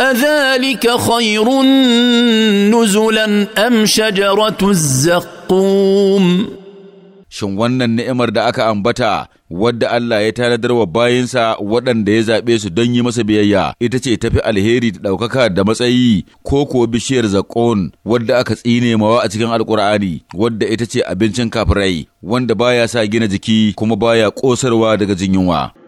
أذلك خير نزلا أم شجرة الزقوم Shin wannan ni'imar da aka ambata wadda Allah ya tanadar wa bayinsa waɗanda ya zaɓe su don yi masa biyayya ita ce tafi alheri da ɗaukaka da matsayi ko kuwa bishiyar zakon wadda aka tsine mawa a cikin alkur'ani wadda ita ce abincin kafirai wanda baya sa gina jiki kuma baya ƙosarwa daga jin yunwa.